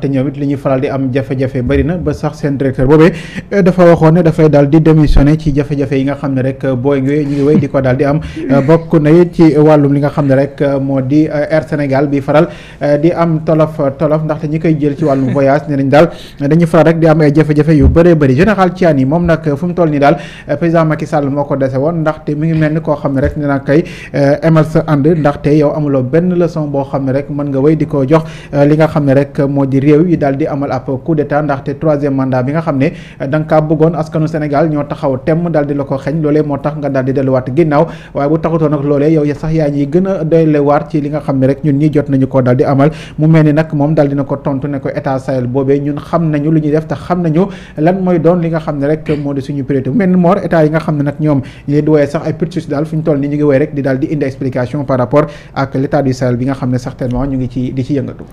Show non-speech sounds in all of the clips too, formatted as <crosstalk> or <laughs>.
te ñoom it li ñuy faral di am jafe-jafe bari na ba sax seen directeur boobee euh, dafa waxoon ne dafay daal di démissionné ci jafe-jafe yi nga xam ne rek euh, boo ngi ñu di ko daal di am <laughs> euh, bokk na ci wàllum li nga xam ne rek moo di Air Sénégal bi faral di am tolof tolof ndaxte ñi koy jël ci wàllum <laughs> voyage ne nañ daal dañuy faral rek di am ay jafe-jafe yu bëree bëri général yi moom nag fu mu toll nii daal président Macky Sall moo ko dese woon ndaxte mi ngi mel ni koo xam ne rek ne naa koy emal sa ànd ndaxte yow amuloo benn leçon boo xam ne rek mën nga wéy di ko jox li nga xam ne rek moo di réew yi daal di amal ab coup d'état ndaxte troisième mandat bi nga xam ne eh, da nga kaa bëggoon askanu Sénégal ñoo taxaw temm daal di la ko xeñ loolee moo tax nga daal di delluwaat ginnaaw waaye bu taxutoo nag loolee yow sax yaa ñuy gën a doylewaat ci li nga xam ne rek ñun ñi jot nañu ko daal di amal mu mel ni nag moom daal dina ko tontu ne ko état Sahel boobee ñun xam nañu lu ñuy def tax xam nañu lan mooy doon li nga xam ne rek moo di suñu priorité mu ne nag ñoom ñu leen di wooyee sax ay putschistes daal fu ñu xam ne certainement ngi ci di ci yëngatu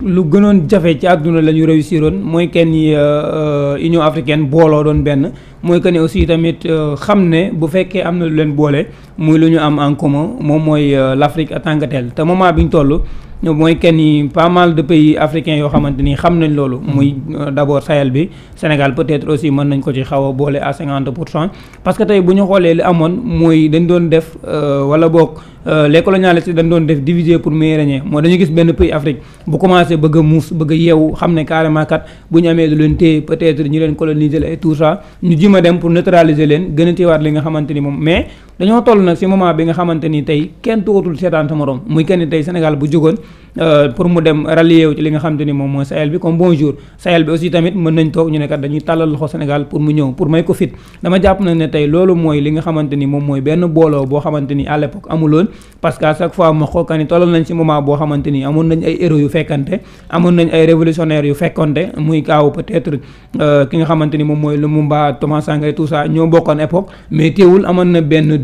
lu gënoon jafe ci àdduna la ñu réussiroon mooy que euh, euh, ni Union africaine booloo doon benn mooy que ni aussi tamit euh, xam ne bu fekkee am na lu leen boole muy lu ñu am en commun moom mooy l'Afrique en tant que te moment bi ñu toll. mooy que ni pas mal de pays africains yoo xamante ni xam nañ loolu. Mm-hmm. muy euh, d' abord bi Sénégal peut être aussi mën nañ ko ci xaw a boole à cinquante pour cent parce que tey bu ñu xoolee li amoon mooy dañ doon def euh, wala boog euh, les colonialistes dañ doon def diviser pour mieux régner moo dañu gis benn pays Afrique bu commencé bëgg a muus bëgg yeewu xam ne carrément kat bu ñu amee lu leen téye ñu leen coloniser la et tout ça ñu jima dem pour neutraliser leen gën a téewaat li ni moom mais. dañoo toll nag ci moment bi nga xamante ni tey kenn tuwatul seetaan sa morom muy kenn tey Sénégal bu jógoon euh, pour mu dem rallier ci li nga xamante ni moom mooy Sahel bi comme bonjour Sahel bi aussi tamit mën nañ toog ñu ne kat dañuy tàllal loxo Sénégal pour mu ñëw pour may ko fit dama jàpp na ne tey loolu mooy li nga xamante moom mooy benn booloo boo xamante ni à l'époque amuloon parce que à chaque fois ma xookan ni tollal nañ ci moment boo xamante yu fekkante amoon nañ ay révolutionnaires yu fekkante euh, ni moom mooy Lumumba Thomas Sankara et tout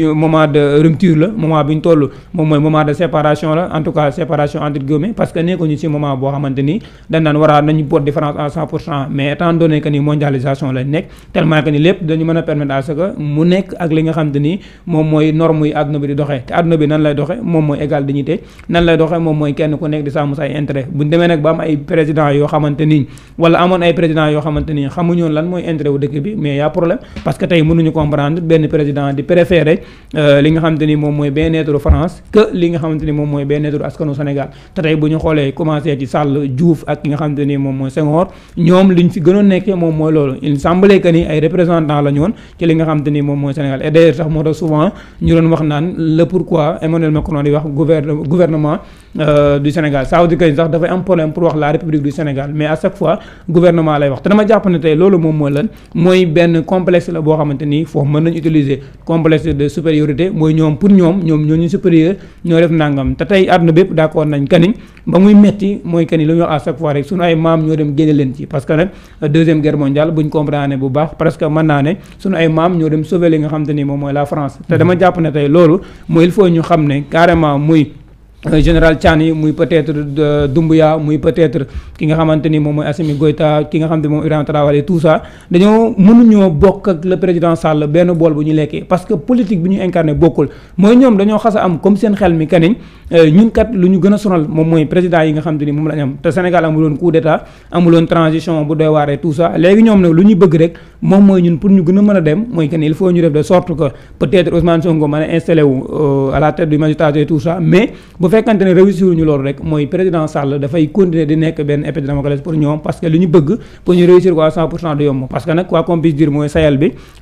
bi moment de rupture la moment bi ñu moom mooy moment de séparation la en tout cas séparation entre guillemets parce que nekkuñu ci moment boo xamante ni dañ naan nañu boot différence à 100 pour cent mais étant donné que mondialisation lañ nekk tellement que ni lépp dañu mën a permettre à mu nekk ak li nga xamante ni moom mooy norme yi àdduna bi di doxee te àdduna bi nan lay doxee moom mooy égal dignité nan lay doxee moom mooy kenn ku nekk di Euh, li nga xamante ni moom mooy bien-être France que li nga xamante ni moom mooy bien-être askanu Sénégal te tey bu ñu xoolee commencé ci Sall Diouf ak nga xamante ni moom mooy Senghor ñoom ñu fi gënoon nekkee moom mooy loolu il semblait ni ay représentants la ñu woon ci li nga xamante ni moom mooy Sénégal et d'ailleurs sax moo tax souvent ñu doon wax naan le pourquoi Emmanuel Macron di wax gouvernement Euh, du Sénégal ça veut dire sax dafay am problème pour wax la République du Sénégal mais à chaque fois gouvernement lay wax te dama jàpp ne tey loolu moom mooy lan mooy benn complexe la boo xamante ni foofu mën nañu utiliser complexe de supériorité ñoom pour ñoom ñoom ñoo ñu supérieur ñoo def nangam te tey àdduna bépp d'accord nañ kani ba muy mooy kani lu ñu wax à chaque fois rek suñu leen ci parce que nag deuxième guerre mondiale buñ comprendre bu baax presque mën naa ne suñu ay maam ñoo dem sauver li nga xamante ni moom mooy la France te dama jàpp ne tey loolu mooy il faut ñu xam ne carrément muy Euh, général Tiani muy peut-être euh, Doumbouya muy peut ki nga xamante ni moom mooy Assimi Goïta ki nga xam ne moom Ibrahima Traoré tout ça dañoo mënuñoo bokk ak le président Sall benn bool bu ñu lekkee parce que politique bi ñu incarné bokkul mooy ñoom dañoo xas a am comme seen xel mi kaniñ euh, ñun kat lu ñu gën sonal moom mooy président yi nga xam te ni moom lañ am te Sénégal amuloon coup d'état amuloon transition bu doy waaree tout ça léegi ñoom nag lu ñu bëgg rek moom mooy ñun pour ñu gën a mën mooy que ne il faut ñu def de sorte que peut-être fekkante ne réussir ñu loolu rek mooy président Sall dafay continuer di nekk benn épée pour ñoom parce li ñu bëgg pour ñu réussir ko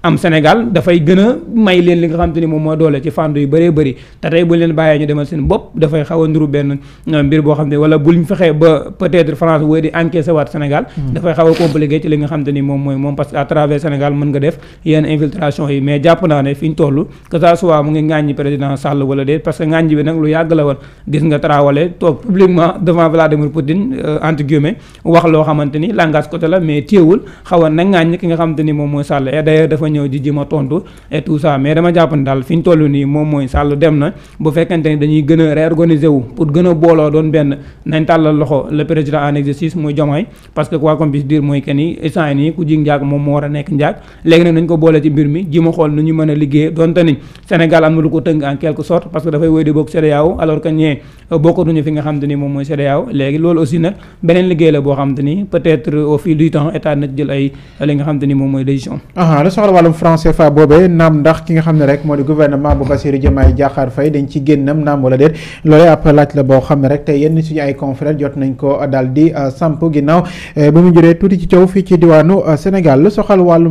am Sénégal dafay gën may leen li nga xam ni moom mooy doole ci fànn yu bëree bëri te tey buñ leen bàyyee ñu demal seen bopp dafay xaw a nduru benn euh, mbir boo xam ne wala buñ fexee ba peut France wooy di encaisser waat Sénégal hmm. dafay xaw a compliqué ci li nga xam ni moom mooy moom parce que à travers Sénégal mën nga fi ñu toll que ça gis nga Traoré toog publiquement devant Vladimir Poutine euh, entre guillemets wax loo xamante ni langage côté la mais téewul xaw a nangaañ ki nga xamante ni moom mooy Sall et d'ailleurs dafa mais dama daal fi ñu toll nii moom mooy Sall dem na bu fekkente ni dañuy gën a réorganiser wu pour gën a booloo doon benn nañ tàllal loxo le président en exercice muy Diomaye parce que quoi qu'on puisse dire mooy que ni instant nii ku jig njaag moom moo war a nekk njaag léegi nag nañ ko boole ci mbir mi ji ma xool nu ñu mën a liggéey ne euh, bokkatuñu fi nga xam te ni moom mooy CEDEAO léegi loolu aussi nag beneen liggéey la boo xam te ni peut-être au fil temps état na jël ay li nga xam ni moom mooy décision. la soxla wàllum franc CFA boobee naam ndax ki nga xam ne rek moo di gouvernement bu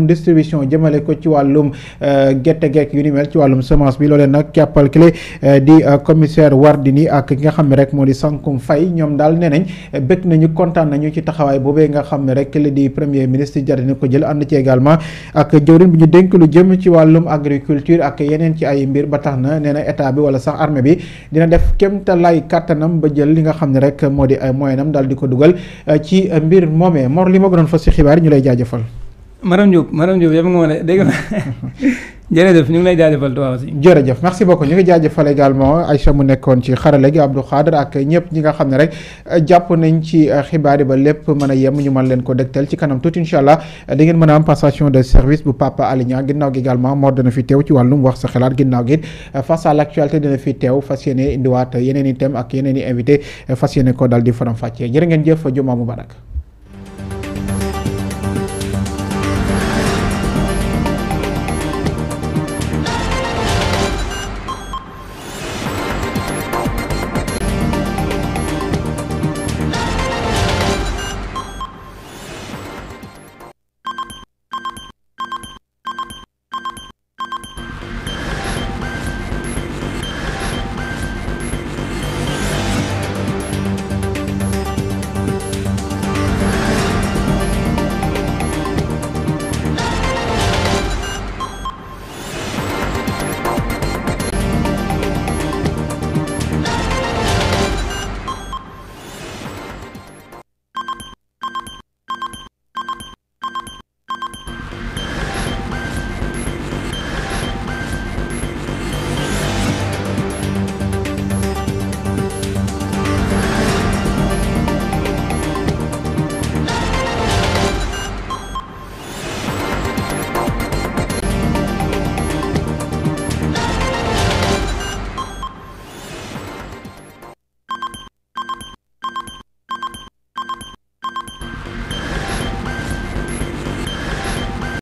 Bassirou Diomaye ko ci wàllum distribution euh, jëmale yu ni mel ci wàllum semence bi loolee nag jàppal clé euh, di commissaire Wardini mi ak ki nga xam ne rek moo di Sankum fay ñoom daal nee nañ bëgg nañu kontaan nañu ci taxawaay boobee nga xam ne rek li di premier ministre jar na ko jël ànd ci également ak jëwriñ bi ñu dénk lu jëm ci wàllum agriculture ak yeneen ci ay mbir ba tax na nee na état bi wala sax armee bi dina def kéemtalaay kàttanam ba jël li nga xam ne rek moo di ay moyenam daal di ko dugal euh, ci mbir moomee Mor li ma gënoon fa si xibaar yi ñu lay jaajëfal. madame Diop <laughs> jërëjëf ñu ngi lay jaajëfal Touba aussi. jërëjëf merci beaucoup ñu ngi jaajëfal également Aïcha mu nekkoon ci xarala gi Abdou Khader ak ñëpp ñi nga xam ne rek jàpp nañ ci xibaar yi ba lépp mën a yem ñu mën leen ko dégtal ci kanam tuuti incha allah di ngeen mën a am passation de service bu Papa Alioune ginnaaw gi également Mor dana fi teew ci wàllum wax sa xalaat ginnaaw gi face à l' actualité dana fi teew fas yéene yeneen i thème ak yeneen i invité fas yéene ko dal di faram fàccee jërë ngeen jëf jumaa mubarak